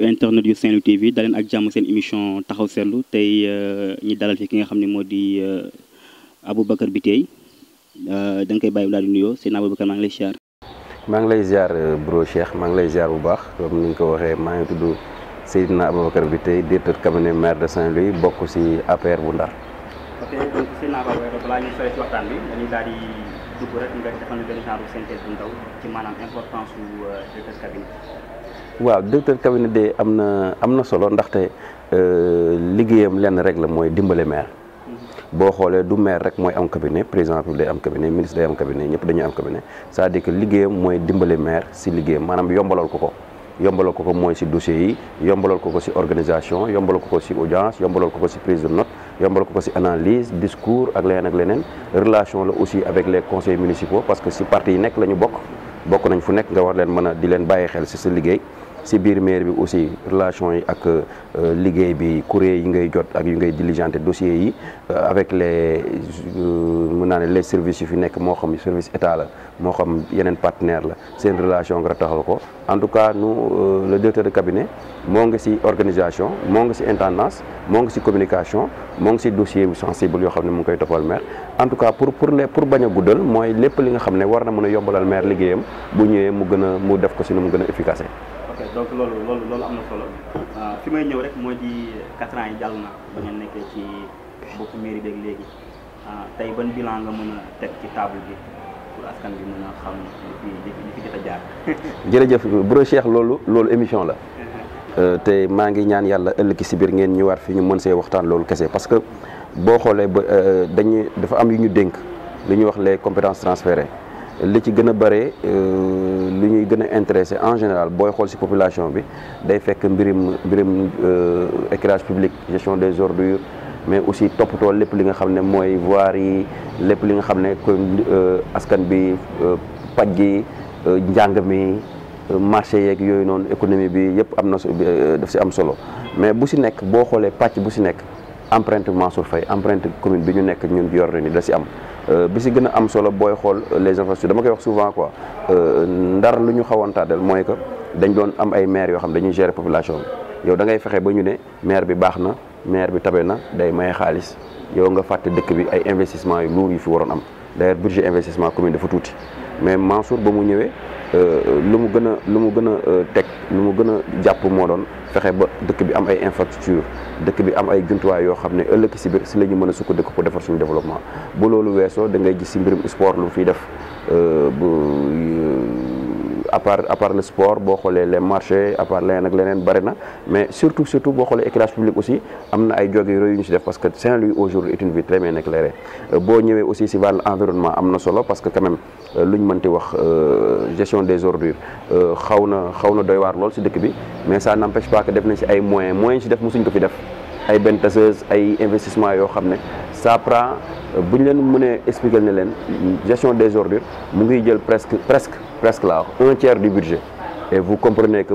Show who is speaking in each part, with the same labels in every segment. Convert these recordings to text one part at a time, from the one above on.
Speaker 1: internet yu Saint-Louis TV daleen ak jàmm seen émission taxaw seetlu tey euh, ñi dalal fi ki nga xam ne moo di abu euh, Aboubacar Biteye euh, da nga koy bàyyi daal di nuyoo seen Aboubacar maa ngi lay ziar.
Speaker 2: maa ngi lay ziar bro Cheikh maa ngi lay ziar bu baax comme ni nga ko waxee maa ngi tudd Seydina Aboubacar Biteye directeur cabinet maire de Saint-Louis bokk ci APR bu Ndar.
Speaker 1: bi dañuy daal di dugg bu ndaw
Speaker 2: waaw directeur cabinet de amna na am na solo ndaxte euh, liggéeyam lenn rek la moy dimbale maire mm-hmm. bo xolé du maire rek moy am cabinet président day am cabinet ministre day am cabinet ñep dañu am cabinet ça à dire que liggéeyam moy dimbale maire si liggéeyam manam yombalal ko ko yombalal ko ko moy si dossier yi yombalal ko ko si organisation yombalal ko ko si audience yombalal ko ko si prise de note yombalal ko ko si analyse discours ak leneen ak leneen relation la aussi avec les conseils municipaux parce que si parti yi nekk la bok bokk nañ fu nek nga war len mën di len baye xel si sa liguey ci bir maire bi aussi relation yi ak euh, liguey bi courrier yi ngay jot ak yi ngay diligenter dossier yi euh, avec les euh, mun les services yu fi nek mo xam service état la moo xam yenen partenaire la seen relation nga taxal ko en tout cas nous le directeur de cabinet mo nga ci organisation mo nga ci intendance mo nga ci communication mo nga ci dossier bu sensible yo xam mo mu ngi koy toppal maire en tout cas pour pour les pour baña a guddal mooy lépp li nga xam ne war na mën yombalal maire liggéeyam bu ñëwee mu gëna mu def ko si nu mu gën a
Speaker 1: donc lolu lolu lolu amna na solo ah, fi may ñew rek moy di 4 ans yi jàll na ba ngeen nekk ci boppu mairie beeg léegi ah, tay ban bilan nga mëna tek ci table bi pour askan bi mëna xam li li fi jot jaar jaar.
Speaker 2: jërëjëf bro Cheikh lolu lolu émission la. euh tay ma ngi ñaan yàlla ëllëg ci bir ngeen ñu war fi ñu mën see waxtaan lolu kessé parce que bo xolé ba euh, dañuy dafa am yu ñu dénk li ñuy wax les compétences transférées. li ci gëna a euh, en général la population bi day fekk mbirim euh, éclairage public gestion des ordures mais aussi les lepp li nga xamné li nga marché yoy économie euh, mais bu ci nek les xolé patch bu ci empreinte Mansour commune Euh, bi si gën a am solo booy xool euh, les infrastructures dama koy wax souvent quoi euh, ndar lu ñu xawoon tàddal mooy que dañ doon am ay maire yoo xam dañuy gérer population yow da ngay fexe ba ñu ne mair bi baax na maire bi tabe na day maye xaalis yow nga fàtte dëkk bi ay investissement yu lourd yu fi waroon am d'ailleurs budget investissement commune dafa tuuti mais Mansour ba mu ñëwee Euh, lu mu gën a lu mu gën a euh, teg lu mu gën a jàpp moo doon fexe ba dëkk bi am ay infrastructure dëkk bi am ay juntuwaay yoo xam ne ëllëg si biir si la ñu mën a sukkandiku pour defar suñu développement bu loolu weesoo da ngay gis si mbirum sport lu mu fiy def euh, à part le sport les marchés à part mais surtout surtout public aussi parce que Saint-Louis aujourd'hui est une ville très bien éclairée euh, on a aussi l'environnement, parce que quand même euh, l'union de euh, gestion des ordures mais ça n'empêche pas que les nañ moyens ay benn ay investissement yo xamné ça prend euh, buñ ñu leen mënee expliquer né leen gestion des ordures mu ngi presque presque presque là un tiers du budget et vous comprenez que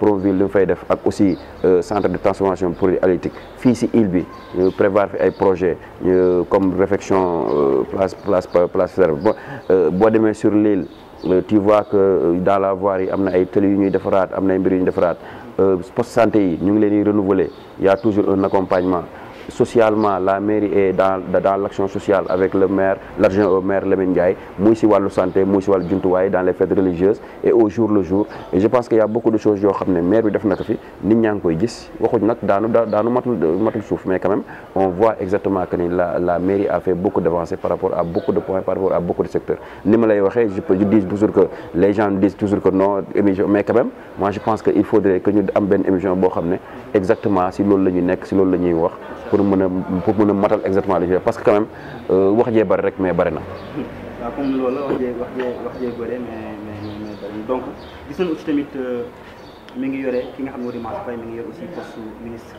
Speaker 2: pour ville aussi euh, centre de transformation pour les fii Ilbi île bi prévoir fi projet comme réfection euh, place place place bois de main sur l'île euh, tu vois que dans la voirie il y a ay tëli de ñuy il y a ay mbir santé nous les renouvelons, Il y a toujours un accompagnement socialement la mairie est dans dans l'action sociale avec le maire l'argent au maire Lamine Ndiaye muy santé muy de la dans les fêtes religieuses et au jour le jour je pense qu'il y a beaucoup de choses que xam maire bi def na avons fi nit mais quand même on voit exactement que la la mairie a fait beaucoup d'avancées par rapport à beaucoup de points par rapport à beaucoup de secteurs je dis toujours que les gens disent toujours que non mais quand même moi je pense qu'il faudrait que nous am émission exactement si nous la ñu si pour mëna pour mën matal exactement li parce que quand même euh, wax jé bari rek mais bari na.
Speaker 1: waaw comme loolu wax jee wax jee wax jee bari mais mais mais bari donc gis nañu aussi tamit euh, mi ngi yore ki nga xam ne moo di Mansour Faye mi ngi yore aussi poste ministre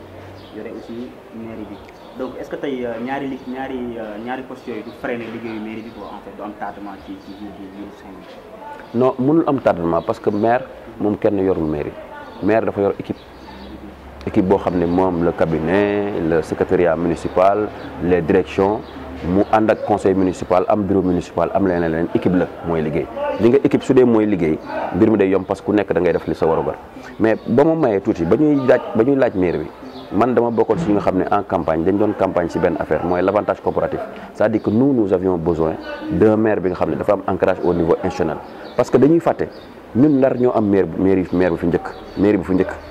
Speaker 1: yore aussi mairie bi donc est ce que tey euh, ñaari li ñaari ñaari poste yooyu du freiné liggéeyu mairie bi quoi en fait du am tardement ci ci biir biir Saint-Louis.
Speaker 2: non mënul am tardement parce que maire mhm. moom kenn yorul mairie maire dafa yor équipe. équipe boo xam ne le cabinet le secrétariat municipal les directions mu ànd ak conseil municipal am bureau municipal am leneen leneen équipe la mooy liggéey li nga équipe su dee mooy liggéey mbir mi day yomb parce que ku nekk da ngay def li sa warugar mais ba mu mayee tuuti ba ñuy laaj ba ñuy laaj maire bi man dama bokkoon si nga xam en campagne dañ doon campagne si benn affaire mooy l'avantage corporatif comparatif c'est-à-dire que nous nous avions besoin d'un maire bi nga xam ne dafa am ancrage au niveau institutionnel parce que dañuy fàtte ñun Ndar ñoo am maire maire maire bi fi njëkk maire bi fu njëkk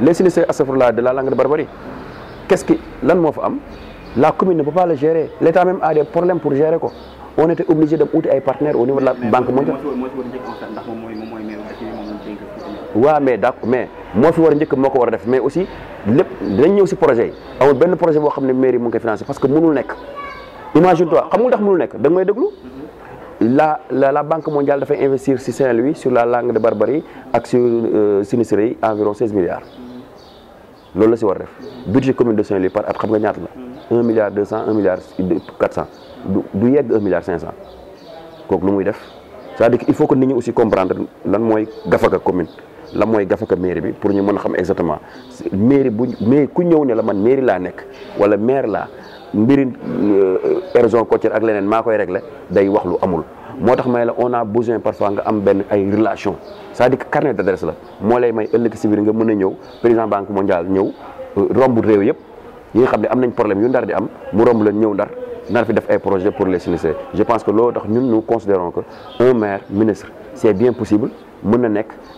Speaker 2: les sinistrés astafurlah de la langue de Barbarie qu'est-ce qui lan moo fa am la commune ne peut pas le gérer L'État même a des problèmes pour gérer quoi. on était obligé dem uti ay partenaires au niveau de la banque mondiale. waaw mais d' accord mais moo fi war a njëkk moo ko war a def mais aussi lépp dinañ ñëw si projet yi amul benn projet boo xam ne mairie mu ngi koy parce que mënul nekk imagine toi xamul ndax mënul nekk da nga may déglu la la la banque mondiale fait investir ci Saint-Louis sur la langue de Barbarie ak sur euh, sinistré yi environ 16 milliards loolu la ci war def budget commun de Saint-Louis par at xam nga la 1 milliard 200 1 milliard 400 du du yegg 1 milliard 500 kooku lu muy def c'est-à-dire il faut que nous aussi comprendre lan mooy gafaka commune lan mooy gafaka mairie pour ñu mën exactement mairie bu ku la mairie ou nekk wala maire mbiri érosion euh, côtière ak lenen makoy régler day wax lu amul motax may la on a besoin parfois nga am ben ay relation c'est-à-dire carnet d'adresse la moo lay may ëllëg si nga meuna ñew président banque mondiale ñew euh, romb rew yëpp yi nga xam am nañ problème yu ndar di am mu romb la ñew ndar nar fi def ay projet pour les sinistrés je pense que lo tax ñun nous considérons que un maire ministre c'est bien possible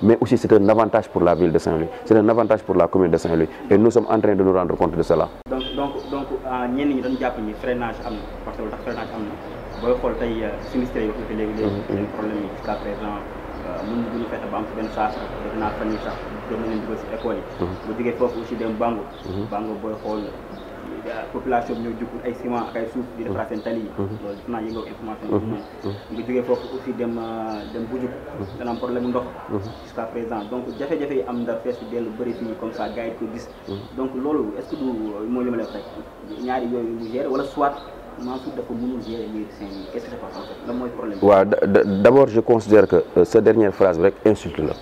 Speaker 2: mais aussi c'est un avantage pour la ville de Saint-Louis c'est un avantage pour la commune de Saint-Louis et nous sommes en train de nous rendre compte de cela.
Speaker 1: donc donc donc euh, ñenn ñi dañu ni freinage parce que lu tax freinage am na booy xool tey euh, sinistre yi fi mhm. problème jusqu'à présent euh, mën duñu fexe ba am si benn saafara def naa fan yi sax doon nous avons fait si école yi bu mhm. jógee foofu aussi dem Bango mhm. Bango booy xool population bi ñoo ay ciment ak ay souf di defaraat seen tali yi mhm. Mhm. loolu def naa information ñu moom nga aussi dem euh, dem bu jub mhm. dana am problème ndox jusqu'à présent donc jafé jafé yi am ndar fees bi dellu bëri fii comme ça gaay ko gis donc loolu est-ce que du euh, mooy li ma lay wax rek ñaari yooyu mu gérer wala soit Mansour dafa mënul gérer mairie Saint-Louis qu'est-ce qui se passe lan mooy problème waaw
Speaker 2: d'abord je considère que sa euh, dernière phrase rek insulte la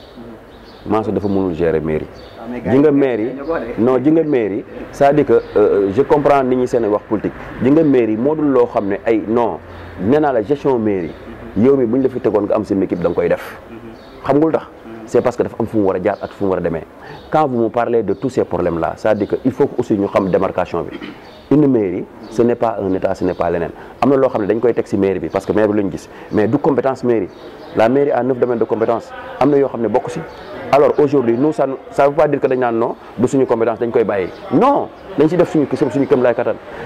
Speaker 2: Mansour dafa mënul gérer mairie ah, ji nga mairie non ji nga mairie Ça à dire que euh, je comprends ni ñi seen wax politique ji nga mairie moo lo xamné ay non nee la gestion mairie yow mi bu la fi tégon nga am seen équipe dang koy def xam nga tax c'est parce que dafa am fu wara jaar ak fu wara démé. quand vous me parlez de tous ces problèmes là ça à dire que il faut aussi ñu xam démarcation bi une mairie ce n'est pas un état ce n'est pas leneen Amna lo xamné dañ koy teg ci mairie bi parce que mairie luñu gis mais du compétence mairie la mairie a neuf domaines de compétence Amna yo xamné bokku ne bokk ci alors aujourd'hui nous ça ne veut pas dire que dañ ne non du compétence non dañ ci def suñu suñu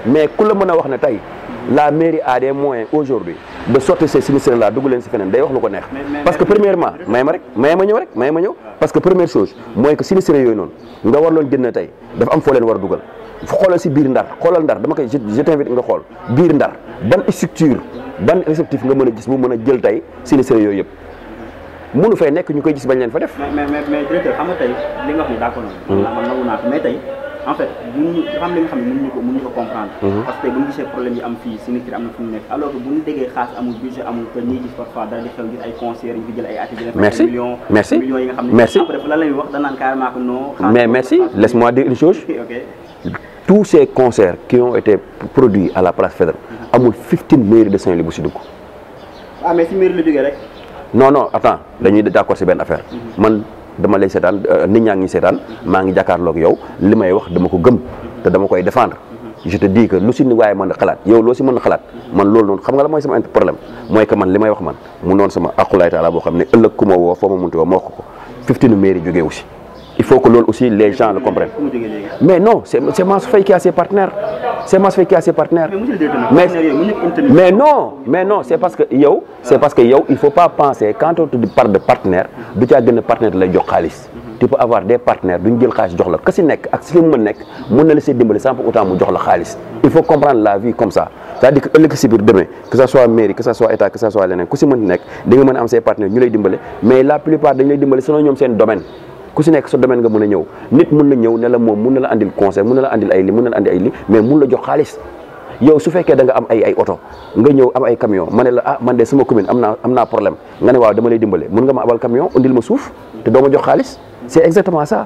Speaker 2: mais comme la la mairie a des moyens aujourd'hui de sortir ces sinistres là de parce que premièrement je parce que première chose moi, que sinistres yooyu noonu nga war Nous jënd Il dafa am leen war Ils je t'invite à xool biir ndar structure bonne réceptif nga gis mënu fay nek ñu gis bañ
Speaker 1: leen fa def. mais mais mais directeur xam nga tay li nga wax ni d'accord na. Hmm. man nangu naa ko mais tay en fait mënuñu ñu xam li nga xam ni mënuñu ko mënuñu ko comprendre. Hmm. parce que bu ñu gisee problème yi am fii sinistre am na fu mu nekk alors que bu ñu déggee xaalis amul budget amul que ñuy gis parfois dara di xew gis ay concert yi fi jël ay ateliers. merci millions merci million yi nga xam ni merci après lan la ñuy wax naan carrément que non. mais merci laisse-moi dire une chose. ok
Speaker 2: tous ces concerts qui ont été produits à la place fédérale hmm. amul 15 mairies de Saint-Louis bu si dugg.
Speaker 1: Ah, mais si mairie la jógee rek.
Speaker 2: non non attends dañuy d'accord ci benn affaire mhm. man dama lay seetaan euh, nit ñaa ngi seetaan maa ngi jàkkaarloog yow li may wax dama ko gëm te dama koy défendre mhm. je te dis lu si ni waaye mën a xalaat yow loo si mën a xalaat man loolu noonu xam nga la mooy sama problème mooy que man li may wax man mu noonu sama aqulaay taala boo xam ne ëllëg ku ma woo foo ma munti woo ma wax ko ko fiftinu mairie jógeewu si il faut que loolu aussi les gens le comprennent mais non c'est c'est Mansour Faye qui a ses partenaires c'est Mansour Faye qui a ses partenaires mais mais non mais non c'est parce que yow c'est parce que yow il faut pas penser quand on parle de partenaire du caa gën a partenaire lay jox xaalis tu peux avoir des partenaires duñ jël xaalis jox la ka si nek ak si fi mu mën nekk mën na la see dimbali sans pour autant mu jox la xaalis il faut comprendre la vie comme ça c'est-à-dire que ëllëg si biir demain que ça soit mairie que ça soit état que ça soit leneen ku si mën nekk di nga mën a am ses partenaires ñu lay dimbali mais la plupart dañu lay dimbali selon ñoom seen domaine ku si nekk sa domaine nga mën a ñëw nit mun na ñëw ne la moom mun na la andil conseil mun na andil ay mun na andil ay mais mun la jox xaalis yow su fekkee am ay ay oto nga ñëw am ay camion ma ne la ah, man de sama commune am naa problème nga ne waaw dama lay dimbale mun nga ma abal camion indil ma suuf te doo jox xaalis c'est exactement ça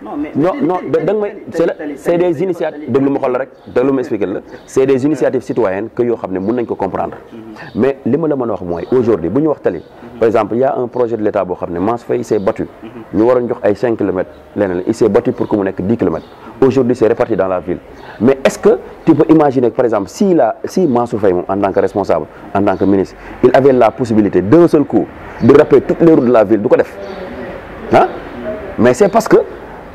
Speaker 1: non mais non c'est des initiatives
Speaker 2: c'est des initiatives citoyennes que vous savez ne comprendre mhm. mais les la aujourd'hui mhm. par exemple il y a un projet de l'État qui s'est battu nous avons 5 km il s'est battu pour que mu 10 km aujourd'hui c'est réparti dans la ville mais est-ce que tu peux imaginer que par exemple si la si Mansour en tant que responsable en tant que ministre il avait la possibilité d'un seul coup de rappeler toutes les routes de la ville du ko hein? mais c'est parce que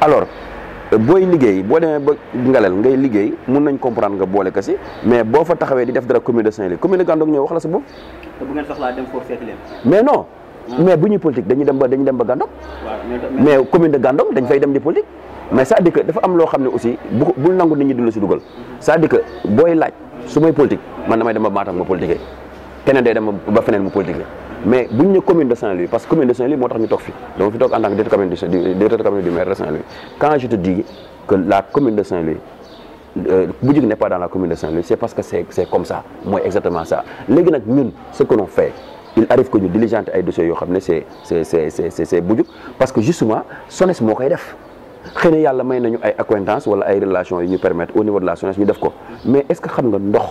Speaker 2: alors booy liggéey boo demee ba ngalel ngay liggéey mun nañ comprendre nga boole ko si mais boo fa taxawee di def dara commune de Saint-Louis commune de Gandoog ñëw wax la sa bopp. te bu ngeen soxlaa mais non. Ah. mais bu ñuy politique dañuy dem ba dañu dem ba Gandoog. mais commune de Gandoog dañ fay dem di politique. mais c'est-à-dire que dafa am loo xam ne aussi bu bul nangu nit ñi dund si dugal. cest mhm. à que booy laaj su may politique man damay dem ba Matam ma politiqué. kenen day dem ba feneen mu politique mais buñ ne commune de Saint-Louis parce que commune de Saint-Louis motax ñu tok fi dama fi tok en tant que directeur commune du commune maire de Saint-Louis quand je te dis que la commune de Saint-Louis euh, Boudjik n'est pas dans la commune de Saint-Louis c'est parce que c'est comme ça moi, exactement ça Maintenant, nous, ce que l'on fait il arrive que ñu diligente ay dossiers yoo xam ne c'est c'est parce que justement SONES moo koy def xëy fait. yàlla may nañu ay acquaintance wala ay relations qui ñu permettre au niveau de la SONES ñu def ko mais est-ce que xam nga ndox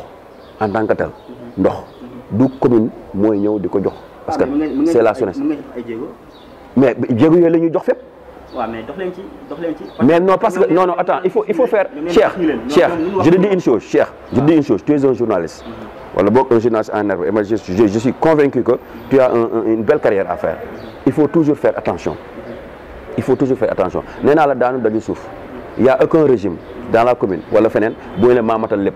Speaker 2: en tant que tel ndox du commune moy ñëw diko jox. parce ah, que c'est la SONES mais j'ai vu les ñuy jox fépp.
Speaker 1: mais non parce que non non
Speaker 2: attends il faut il faut faire. cher cher je te dis une chose cher je te dis une chose tu es un journaliste. voilà ah. bon un journaliste en herbe et je je suis convaincu que tu as une belle carrière à faire il faut toujours faire attention. il faut toujours faire attention nee la daanu dañu il y a aucun régime dans la commune wala fenen booy le maamatal lépp.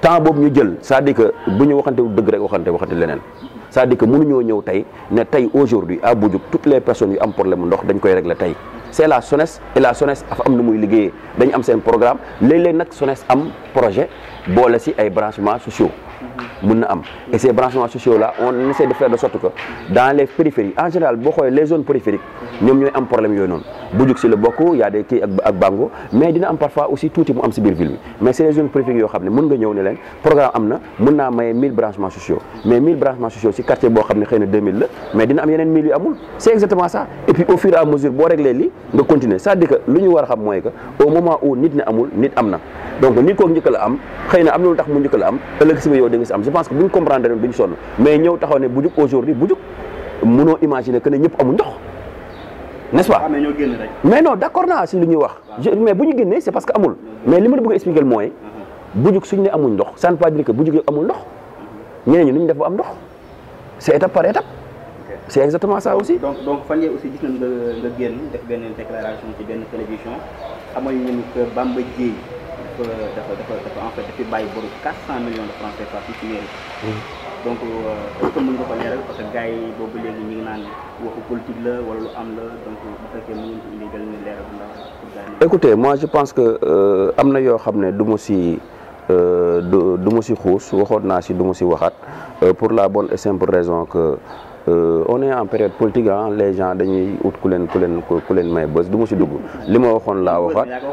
Speaker 2: temps boobu ñu jël c'est-à-dire que bu ñu waxante dëgg rek waxante waxante leneen c'est-à-dire que mënuñoo ñëw tey ne tey aujourd'hui à Boudiouk toutes les personnes yu am problème ndox dañ koy régler tey c'est la SONES et la SONES dafa am nu muy liggéeyee dañu am seen programme léeg-léeg nag SONES am projet boole si ay branchements sociaux et ces branchements sociaux là on essaie de faire de sorte que dans les périphéries en général les zones périphériques nous avons un problème Si noonu Bujuk beaucoup, il y a des qui ak Bango mais dina am parfois aussi tout mu am si biir ville mais ces zones périphériques les gens qui ont un programme ils ont 1000 branchements sociaux mais 1000 branchements sociaux si quartier boo 2000 mais dina am yeneen 1000 yu amul c'est exactement ça et puis au fur et à mesure boo régler li nga continuer Ça veut dire que lu ñu war que au moment où nit ne amul nit nous donc nit kooku un la am am lu tax mu la je pense que buñ comprendre leen duñ sonn mais ñew taxaw ne bu aujourd'hui bu mëno imaginer que né ñëpp amu ndox n'est-ce pas ah, mais non d'accord na ci luñu wax mais buñu génné c'est parce que amul mmh. mais limu bëgg a expliquer moy
Speaker 1: mmh.
Speaker 2: bu jug suñ ne amul ndox ça ne pas dire que bu yu amu ndox ñeneen ñu ñu def am ndox c'est étape par étape c'est exactement
Speaker 1: ça aussi donc donc fan aussi gis nañ nga nga génn def benn déclaration ci benn télévision xamal ñu que Bamba Dieye dafa dafa dafa en fait dafi bàyyi boru 400 de francs CFA fii hmm. euh, ko leeral parce que gars yi boobu léegi ñu ngi naan waxu politique la wala lu am la donc bu fekkee mën ngeen ci indi dal ñu leeral bu ndaw
Speaker 2: écoutez moi je pense que euh, am na yoo xam ne du ma si euh, du ma si xuus waxoon naa si du ma si waxaat pour la bonne et simple raison que Euh, on est en période politique ah les gens dañuy ut ku leen ku leen ku leen may bës du ma si dugg li ma waxoon laa waxaat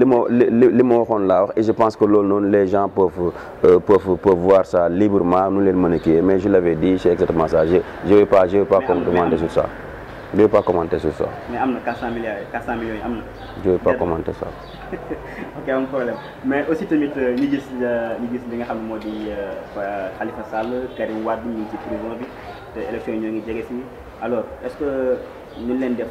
Speaker 2: li ma li ma wax et je pense que loolu noonu les gens peuvent euh, peuvent peuvent voir ça librement nous leen mën mais je l'avais dit c'est exactement ça je je vais pas je vais pas comment demander sur ça Je ne vais pas commenter sur ça.
Speaker 1: Mais il y a 400 milliards, 400 millions,
Speaker 2: Je pas commenter ça.
Speaker 1: ok, am problème. Mais aussi tamit euh, ñu gis li euh, gis li nga xam ne moo di euh, Khalifa Sall Karim Wade ñu ngi ci prison bi te élection yi ñoo ngi jege si alors est-ce que ñu leen def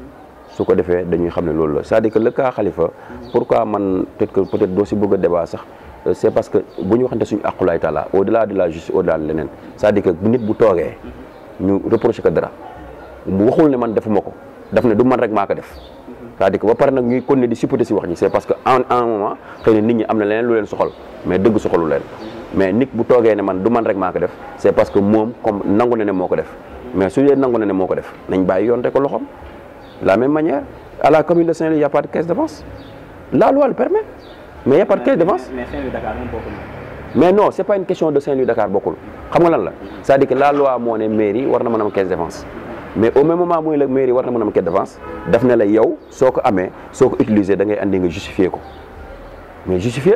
Speaker 2: su ko defee dañuy xam ne loolu la c'est-à-dire que le cas Khalifa pourquoi man peut-être que peut-être doo si bëgg a débat sax euh, c'est parce que bu ñu waxante suñu aqulaay taala au-delà de la justice au-delà de leneen c'est-à-dire que nit bu toogee ñu reproché ko dara mu waxul ne man defuma ko daf ne du man rek maa ko def c'est-à-dire que ba pare nag ñuy continuer di supputer si wax ñi c'est parce que en un moment xëy na nit ñi am na leneen lu leen soxal mais dëgg soxalu leen mais nit bu toogee ne man du man rek maa ko def c'est parce que moom comme nangu na ne moo ko def mais su dee nangu na ne moo ko def nañ bàyyi yoon te ko loxoom De la même manière, à la commune de Saint-Louis, il n'y a pas de caisse d'avance. La loi le permet, mais il n'y a pas de caisse d'avance. Mais Saint-Louis-Dakar, non c'est pas une question de Saint-Louis-Dakar c'est-à-dire que la loi mairie war na mën a caisse d'avance mais au même moment où la mairie war na a caisse d'avance daf faut la yow soo utiliser da justifier mais justifier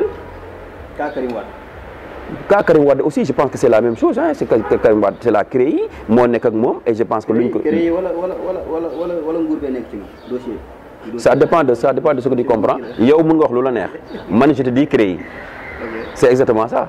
Speaker 2: cas Karim Wade aussi je pense que c'est la même chose Hein. c'est Karim Wade c'est la créé, moo nekk ak moom et je pense que. luñ ko CREI
Speaker 1: wala wala wala wala wala nguur bee nekk ci dossier.
Speaker 2: ça dépend de ça dépend de ce que tu comprends yow mën nga wax lu la neex man je te dis CREI. c'est exactement ça.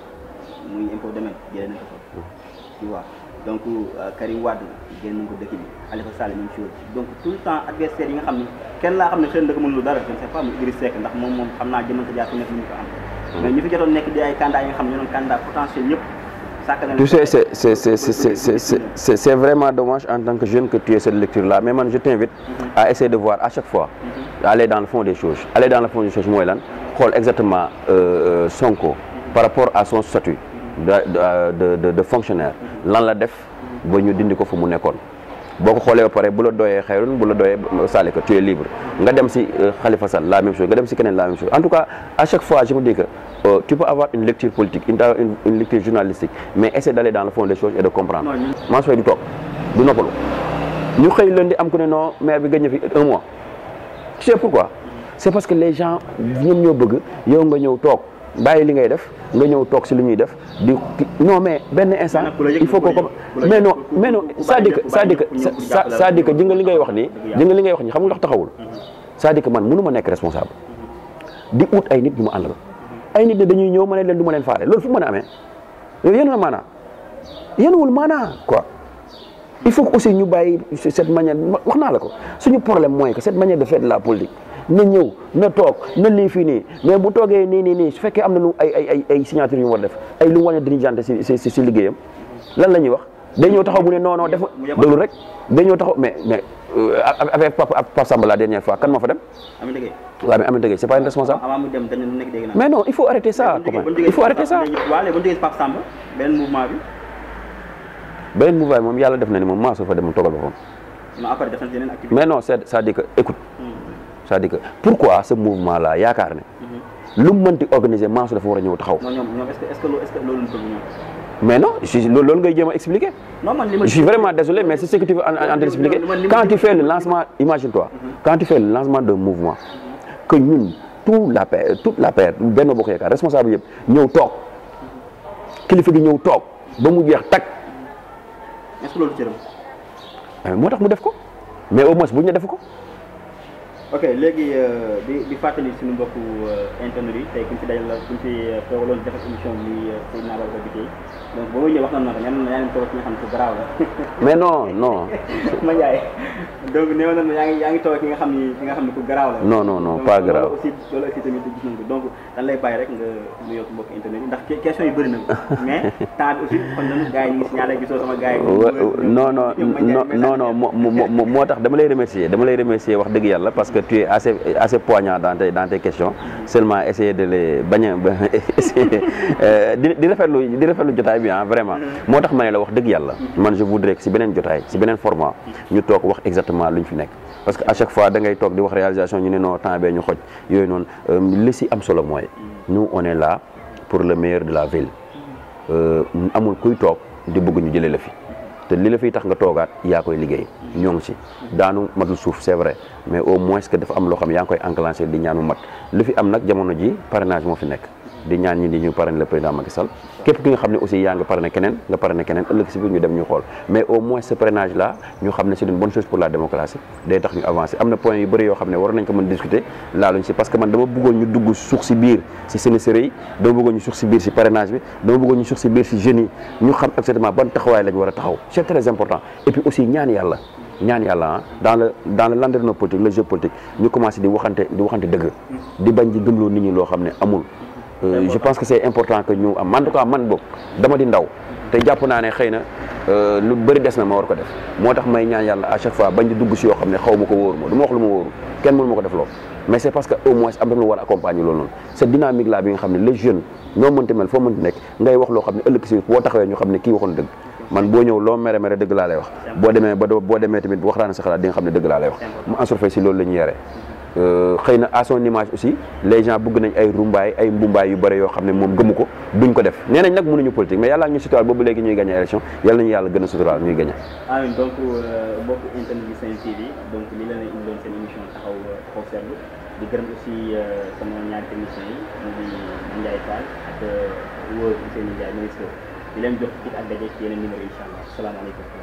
Speaker 1: muy impôt domaine jëlee na ko fa hmm. tu vois donc euh, Karim Wade génn nañ ko dëkk bi Alifa Sall ñu chose donc tout le temps adversaire yi nga xamni kenn la xamni ne xëy mënu lu dara je ne sais pas mu Idriss Seck ndax mom mom xamna naa jëmante jaar ku ñu ko am hmm. mais ñu fi jotoon nek di ay candidats yi nga xam ne ñoo doon candidat potentiel yëpp tu sais,
Speaker 2: c'est c'est vraiment dommage en tant que jeune que tu aies cette lecture-là. Mais man, je t'invite mm -hmm. à essayer de voir à chaque fois, mm -hmm. aller dans le fond des choses. Aller dans le fond des choses, moi, exactement euh, euh Sonko mm-hmm. par rapport à son statut de de de fonctionnaire lan la def ba ñu dindi ko fu mu nekkoon boo ko xoolee pare bu la doyé xayrun bu la doyé saalika tu es libre nga dem ci euh, Khalifa Sall la même chose nga dem ci kenen la même chose en tout cas à chaque fois je me dis que euh, tu peux avoir une lecture politique une une lecture journalistique mais essaie d'aller dans le fond des choses et de comprendre. Mansour du tok du noppalu ñu xëy lundi am ku né non maire bi gagné fi un mois. tu sais pourquoi c'est parce que les gens ñoom ñoo bëgg yow nga ñëw tok bàyyi li ngay def nga ñëw toog si lu ñuy def di non mais benn instant il faut ko ko non mais non c'est-à-dire que c'est-à-dire que c'est-à-dire nga li ngay wax nii ji nga li ngay wax nii xam nga ndax taxawul c'est-à-dire man mënu ma nekk responsable di ut ay nit ñu ma àndal ay nit ne dañuy ñëw ma ne leen du ma leen faale loolu fu mu mën a amee yooyu yéen na maanaa yéenuwul maanaa quoi il faut que aussi ñu bàyyi cette manière wax naa la ko suñu problème mooy que set manière de faire de la politique ne ñëw ne toog ne lii fii nii mais bu toogee nii nii nii su fekkee am na lu ay ay ay ay signature yu mu war def ay lu mu dañuy dirigeante si si si liggéeyam lan la ñuy wax
Speaker 1: day ñëw taxaw bu ne non non def déglu rek
Speaker 2: day ñëw taxaw mais mais euh, avec papa Pape Samba la dernière fois kan moo fa dem. Aminata liggéey. waaw mais liggéey Gueye c'est pas une responsable.
Speaker 1: avant mu dem dañu nekk dégg naa. mais non il faut arrêter ça. il faut arrêter ça. waaw léegi bu ñu jógee Pape Samba beneen mouvement bi.
Speaker 2: beneen mouvement bi moom yàlla def na ni moom maa su fa dem mu toogal boppam.
Speaker 1: non après def na yeneen activité mais
Speaker 2: non c'est-à-dire que écoute c'est-à-dire que pourquoi ce mouvement là Yakarne, y mhm. lu organisé le monde organisé de war a ñëw taxaw. non
Speaker 1: est-ce que est-ce que
Speaker 2: mais non si loolu ngay expliquer. je suis vraiment désolé mais c'est ce que tu veux expliquer quand tu fais le lancement imagine-toi. Mhm. quand tu fais le lancement d'un mouvement. que nous, toute la paix toute la paix nous Bokk Yaakaar responsable nous ñëw toog nous gi ñëw toog ba mu jeex est-ce que nous cëram. Euh, moo tax mu def ko mais au moins ne le def pas.
Speaker 1: ok léegi di di fàttali suñu mbokku internet yi tey ku ñu fi dajal la ku ñu ci toogaloon di defar bi Seydina Babacar Biteye wax na na ko ñan yaa ngi toog ki nga xam ne ku garaaw la.
Speaker 2: mais non non.
Speaker 1: ma Ndiaye nga xam ni ki nga xam ne ku garaaw la. non non tamit gis nañ ko donc dañ lay rek nga mu yokk mbokk internet yi ndax question yi bëri na mais temps bi aussi kon nag gars yi ñu ngi si ñaareel gisoo
Speaker 2: moo tax dama lay remercier dama lay remercier wax dëgg yàlla tu es assez, assez poignant dans tes, dans tes questions. Seulement, essayer de les bagner. euh, de le rafetlu jotaay bi ah vraiment. moo vraiment ma ne la wax dëgg yàlla. man je voudrais que si beneen jotaay si beneen format. ñu toog wax exactement luñ fi parce que à chaque fois da ngay toog di wax réalisation ñu ne non temps bee ñu xoj yooyu noonu euh, li am solo nous on est là pour le meilleur de la ville. Euh, amul kuy de di bëgg ñu jëlee la fi. te li la fiy tax nga toogaat yaa koy liggéey ñoo ci daanu matu souf c'est vrai mais au moins que dafa am lo xam yaa koy enclencher di ñaanu mat lu fi am nak jamono ji parrainage mo fi nek di ñaan ñi di ñu parrainer le président Macky Sall képp ki nga xam aussi yaa nga kenen keneen nga parrainer keneen ëllëg si biir ñu dem ñu xol mais au moins ce parrainage là ñu xam ne c'est une bonne chose pour la démocratie day tax ñu avancer amna point yu bëri yo xam war nañ ko mën discuter la luñ ci parce que man dama bëggoon ñu dugg suux si biir ci sénégalais yi dama bëggoon ñu suux si biir ci parrainage bi dama bëggoon ñu suux si biir ci génie ñu xam exactement ban taxaway lañ wara taxaw c'est très important et puis aussi ñaan yalla ñaan ah, dans le dans le politique le jeu ñu commencé di waxanté di waxanté dëgg di bañ di nit ñi lo xamné euh, je pense que c'est important que nous am en tout cas man bok dama di ndaw té nous euh, lu na ma war ko def à chaque fois bañ di ne du wax mais c'est parce que au moins am accompagner loolu dynamique là bi nga les jeunes ñoo nous mel fo mënti nous ngay wax lo xamné ne ci ñu man bo ñew lo mère mère deug la lay wax bo démé bo démé tamit waxtaan sa xalaat di nga xamné deug la lay wax mu Mansour fay ci loolu lañu yéré euh xeyna à son image aussi les gens bëgg nañ ay rumbaay ay mbumbaay yu bari yo xamné mom moom gëmu ko duñ ko def nénañ nak mënuñu politique mais yalla ñu situal bobu légui ñuy gagner élection yalla ñu yalla gëna a ñuy gagner
Speaker 1: amin donc euh, bokk internet bi Saint TV donc li la lay indiloon sen émission taxaw xaw euh, seetlu di gërëm aussi euh, sama ñaar technicien yi ñu di Ndiaye Fall ak wóor sen Ndiaye ministre leen jox ci ak daje ci yeneen numéro yi incha allah salaamaaleykum